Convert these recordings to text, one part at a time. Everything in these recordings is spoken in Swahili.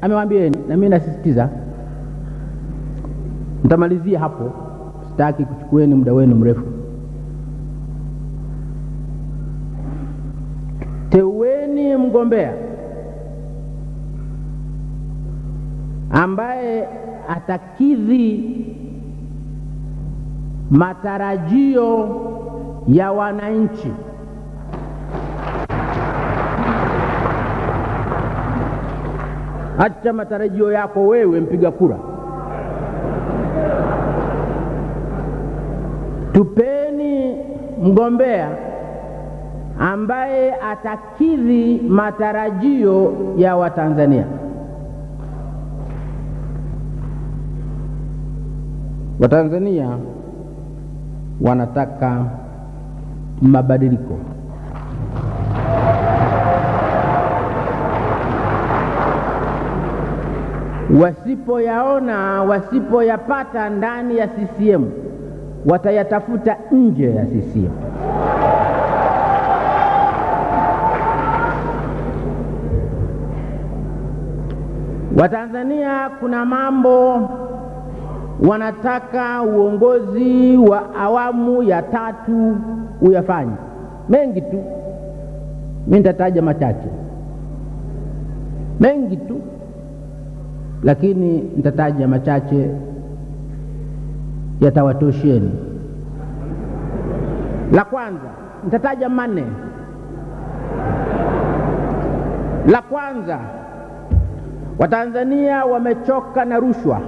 amewambia na mimi nasisitiza, nitamalizia hapo, sitaki kuchukueni muda wenu mrefu. Teueni mgombea ambaye atakidhi matarajio ya wananchi. acha matarajio yako wewe mpiga kura tupeni mgombea ambaye atakidhi matarajio ya watanzania watanzania wanataka mabadiliko Wasipoyaona, wasipoyapata ndani ya CCM watayatafuta nje ya CCM. Watanzania kuna mambo wanataka uongozi wa awamu ya tatu uyafanye, mengi tu. Mimi nitataja machache, mengi tu lakini nitataja machache yatawatosheni. La kwanza nitataja manne. La kwanza, Watanzania wamechoka na rushwa.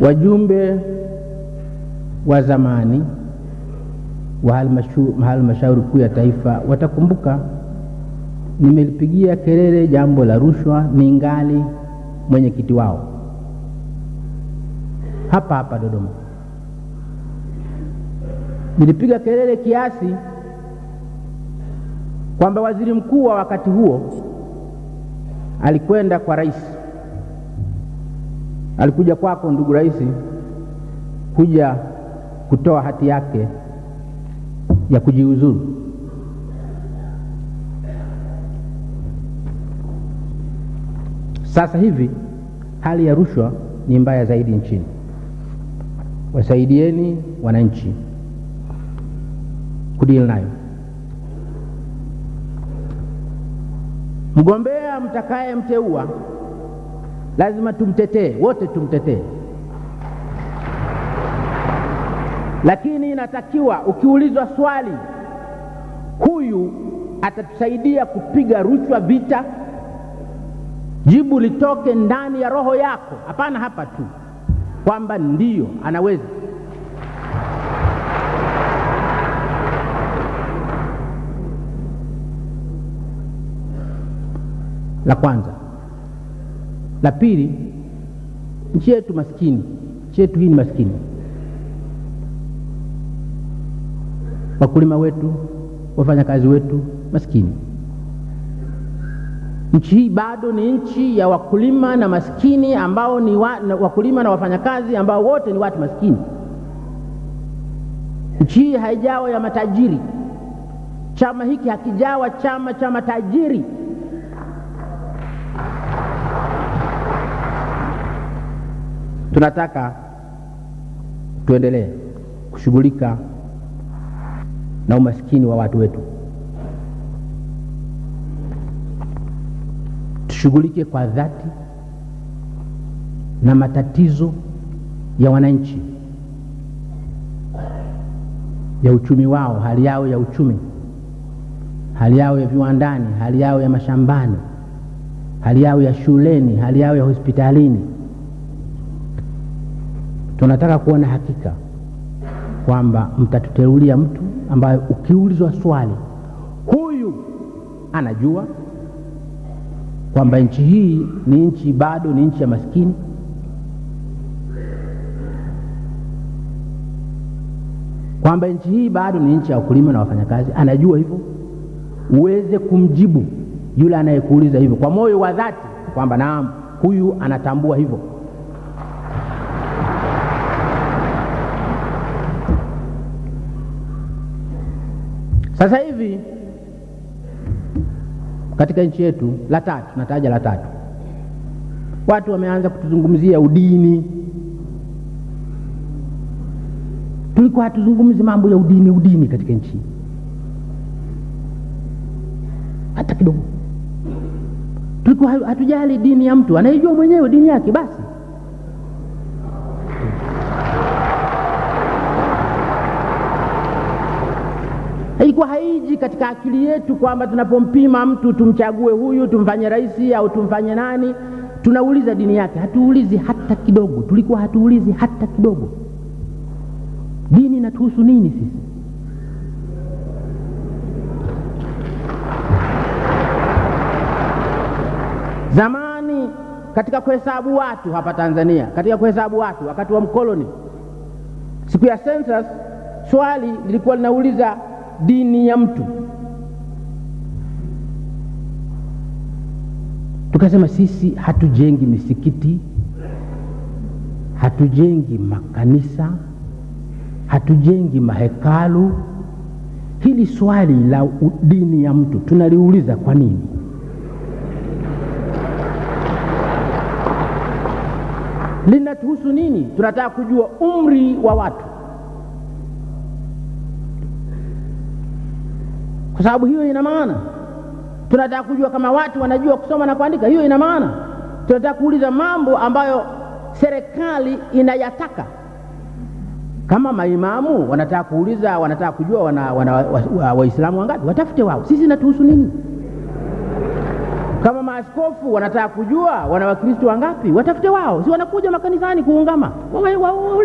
Wajumbe wa zamani wa halmashauri kuu ya taifa watakumbuka nimelipigia kelele jambo la rushwa ningali mwenyekiti wao hapa hapa Dodoma. Nilipiga kelele kiasi kwamba waziri mkuu wa wakati huo alikwenda kwa rais, alikuja kwako ndugu rais, kuja kutoa hati yake ya kujiuzuru sasa hivi hali ya rushwa ni mbaya zaidi nchini wasaidieni wananchi kudili nayo mgombea mtakaye mteua lazima tumtetee wote tumtetee lakini inatakiwa ukiulizwa swali, huyu atatusaidia kupiga rushwa vita, jibu litoke ndani ya roho yako, hapana hapa tu kwamba ndiyo anaweza. La kwanza. La pili, nchi yetu maskini, nchi yetu hii ni maskini wakulima wetu, wafanyakazi wetu maskini. Nchi hii bado ni nchi ya wakulima na maskini ambao ni wa, na wakulima na wafanyakazi ambao wote ni watu maskini. Nchi hii haijawa ya matajiri. Chama hiki hakijawa chama cha matajiri. Tunataka tuendelee kushughulika na umaskini wa watu wetu tushughulike kwa dhati na matatizo ya wananchi ya uchumi wao, hali yao ya uchumi, hali yao ya viwandani, hali yao ya mashambani, hali yao ya shuleni, hali yao ya hospitalini. Tunataka kuona hakika kwamba mtatuteulia mtu ambayo ukiulizwa swali huyu anajua kwamba nchi hii ni nchi bado ni nchi ya maskini kwamba nchi hii bado ni nchi ya wakulima na wafanyakazi, anajua hivyo, uweze kumjibu yule anayekuuliza hivyo kwa moyo wa dhati kwamba naam, huyu anatambua hivyo. Sasa hivi katika nchi yetu, la tatu, nataja la tatu, watu wameanza kutuzungumzia udini. Tulikuwa hatuzungumzi mambo ya udini, udini katika nchi hata kidogo, tulikuwa hatujali dini ya mtu, anaijua mwenyewe dini yake basi ilikuwa haiji katika akili yetu kwamba tunapompima mtu tumchague huyu tumfanye rais au tumfanye nani tunauliza dini yake hatuulizi hata kidogo tulikuwa hatuulizi hata kidogo dini inatuhusu nini sisi zamani katika kuhesabu watu hapa tanzania katika kuhesabu watu wakati wa mkoloni siku ya census swali lilikuwa linauliza dini ya mtu. Tukasema sisi hatujengi misikiti, hatujengi makanisa, hatujengi mahekalu. Hili swali la dini ya mtu tunaliuliza kwa nini? Linatuhusu nini? Tunataka kujua umri wa watu kwa sababu hiyo ina maana. Tunataka kujua kama watu wanajua kusoma na kuandika, hiyo ina maana. Tunataka kuuliza mambo ambayo serikali inayataka kama maimamu wanataka kuuliza, wanataka kujua wana, wana, Waislamu wa, wa wangapi, watafute wao, sisi natuhusu nini? Kama maaskofu wanataka kujua wana Wakristo wangapi, watafute wao, si wanakuja makanisani kuungama, waulize wa, wa, wa,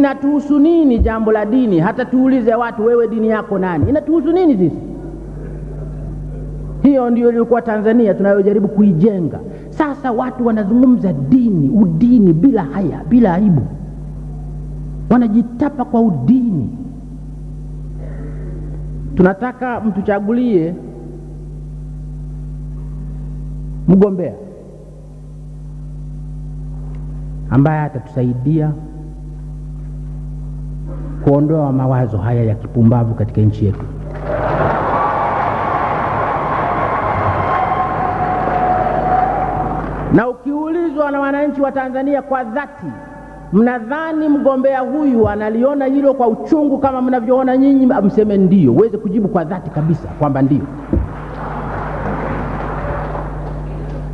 inatuhusu nini jambo la dini? Hata tuulize watu, wewe dini yako nani? Inatuhusu nini sisi? Hiyo ndio iliyokuwa Tanzania tunayojaribu kuijenga. Sasa watu wanazungumza dini, udini bila haya, bila aibu, wanajitapa kwa udini. Tunataka mtuchagulie mgombea ambaye atatusaidia kuondoa mawazo haya ya kipumbavu katika nchi yetu. Na ukiulizwa na wananchi wa Tanzania kwa dhati, mnadhani mgombea huyu analiona hilo kwa uchungu kama mnavyoona nyinyi, mseme ndio, uweze kujibu kwa dhati kabisa kwamba ndio.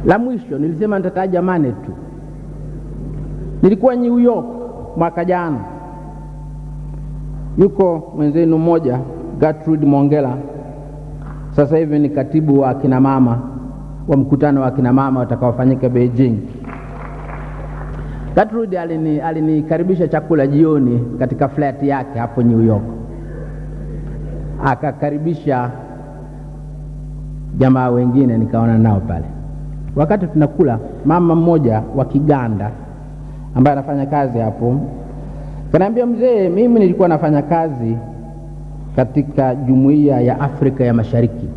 La mwisho nilisema nitataja mane tu. Nilikuwa New York mwaka jana Yuko mwenzenu mmoja Gertrude Mongela, sasa hivi ni katibu wa akina mama wa mkutano wa akina mama watakaofanyika Beijing. Gertrude alini alinikaribisha chakula jioni katika flat yake hapo New York, akakaribisha jamaa wengine nikaona nao pale. Wakati tunakula, mama mmoja wa Kiganda ambaye anafanya kazi hapo Kanaambia mzee, mimi nilikuwa nafanya kazi katika jumuiya ya Afrika ya Mashariki.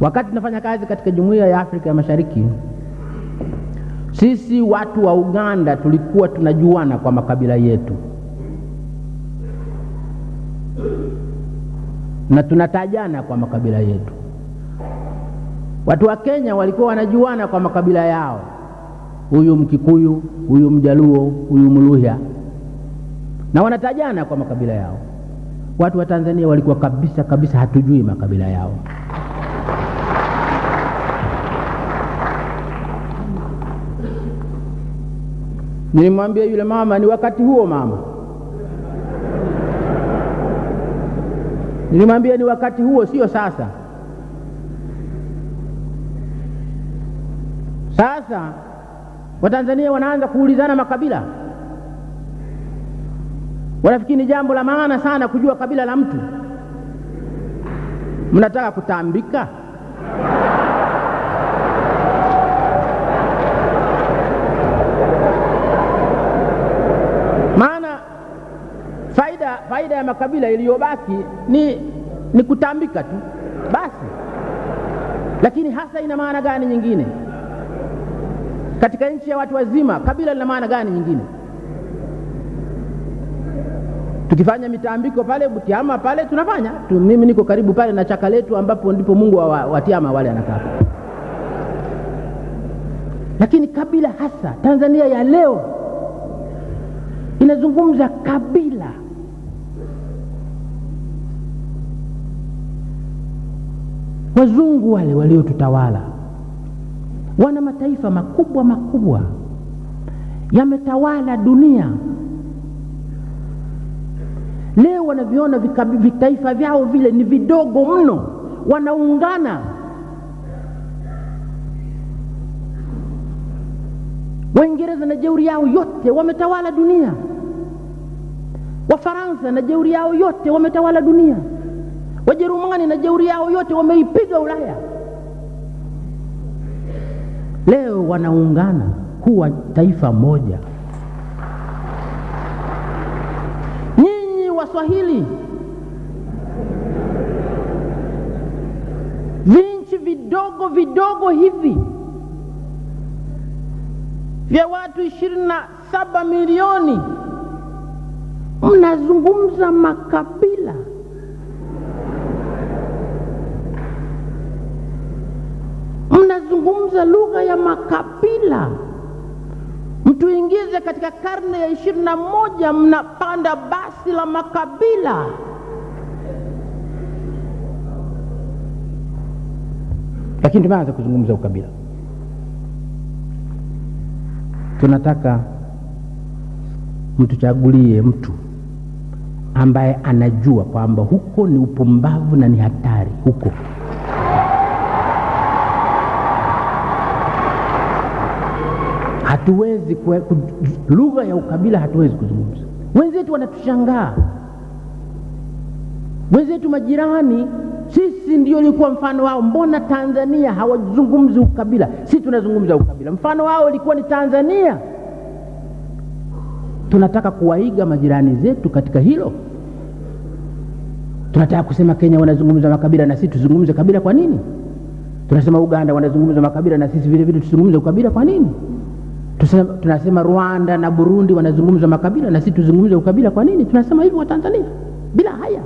Wakati nafanya kazi katika jumuiya ya Afrika ya Mashariki, sisi watu wa Uganda tulikuwa tunajuana kwa makabila yetu na tunatajana kwa makabila yetu. Watu wa Kenya walikuwa wanajuana kwa makabila yao huyu Mkikuyu, huyu Mjaluo, huyu Mluhya, na wanatajana kwa makabila yao. Watu wa Tanzania walikuwa kabisa kabisa hatujui makabila yao. Nilimwambia yule mama, ni wakati huo mama, nilimwambia ni wakati huo, sio sasa. Sasa Watanzania wanaanza kuulizana makabila, wanafikiri ni jambo la maana sana kujua kabila la mtu. Mnataka kutambika? Maana faida faida ya makabila iliyobaki ni, ni kutambika tu basi, lakini hasa ina maana gani nyingine? katika nchi ya watu wazima, kabila lina maana gani nyingine? Tukifanya mitambiko pale Butiama pale tunafanya tu, mimi niko karibu pale na chaka letu ambapo ndipo Mungu wa, wa, watiama wale anakaa, lakini kabila hasa Tanzania ya leo inazungumza kabila wazungu wale waliotutawala wana mataifa makubwa makubwa yametawala dunia leo wanaviona vitaifa vyao vile ni vidogo mno wanaungana waingereza na jeuri yao yote wametawala dunia wafaransa na jeuri yao yote wametawala dunia wajerumani na jeuri yao yote wameipiga ulaya leo wanaungana kuwa taifa moja. Nyinyi Waswahili, vinchi vidogo vidogo hivi vya watu ishirini na saba milioni mnazungumza makabila kuzungumza lugha ya makabila mtuingize katika karne ya ishirini na moja mnapanda basi la makabila lakini tumeanza kuzungumza ukabila tunataka mtuchagulie mtu ambaye anajua kwamba huko ni upumbavu na ni hatari huko hatuwezi lugha ya ukabila hatuwezi kuzungumza. Wenzetu wanatushangaa, wenzetu majirani, sisi ndio ilikuwa mfano wao. Mbona Tanzania hawazungumzi ukabila? Sisi tunazungumza ukabila. Mfano wao ilikuwa ni Tanzania. Tunataka kuwaiga majirani zetu katika hilo. Tunataka kusema Kenya wanazungumza makabila na sisi tuzungumze kabila, kwa nini? Tunasema Uganda wanazungumza makabila na sisi vile vile tuzungumze ukabila, kwa nini? Tusema, tunasema Rwanda na Burundi wanazungumza makabila na sisi tuzungumze ukabila. Kwa nini tunasema hivyo Watanzania bila haya?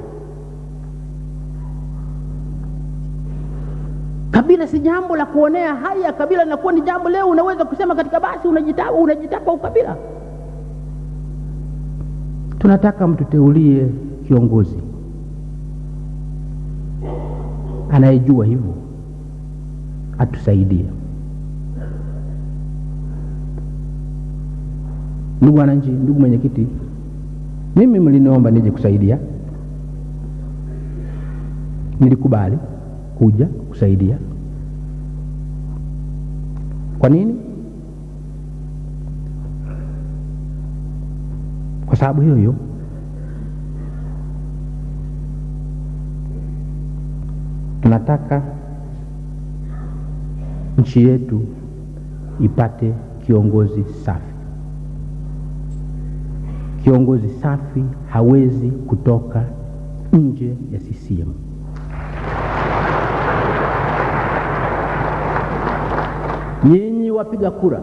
Kabila si jambo la kuonea haya, kabila linakuwa ni jambo leo unaweza kusema katika basi unajitapa, unajitapa ukabila. Tunataka mtuteulie kiongozi anayejua hivyo atusaidie. Ndugu wananchi, ndugu mwenyekiti, mimi mliniomba nije kusaidia, nilikubali kuja kusaidia. Kwa nini? Kwa sababu hiyo hiyo tunataka nchi yetu ipate kiongozi safi. Kiongozi safi hawezi kutoka nje ya CCM. Nyinyi wapiga kura,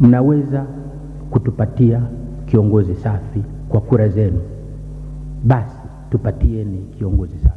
mnaweza kutupatia kiongozi safi kwa kura zenu, basi tupatieni kiongozi safi.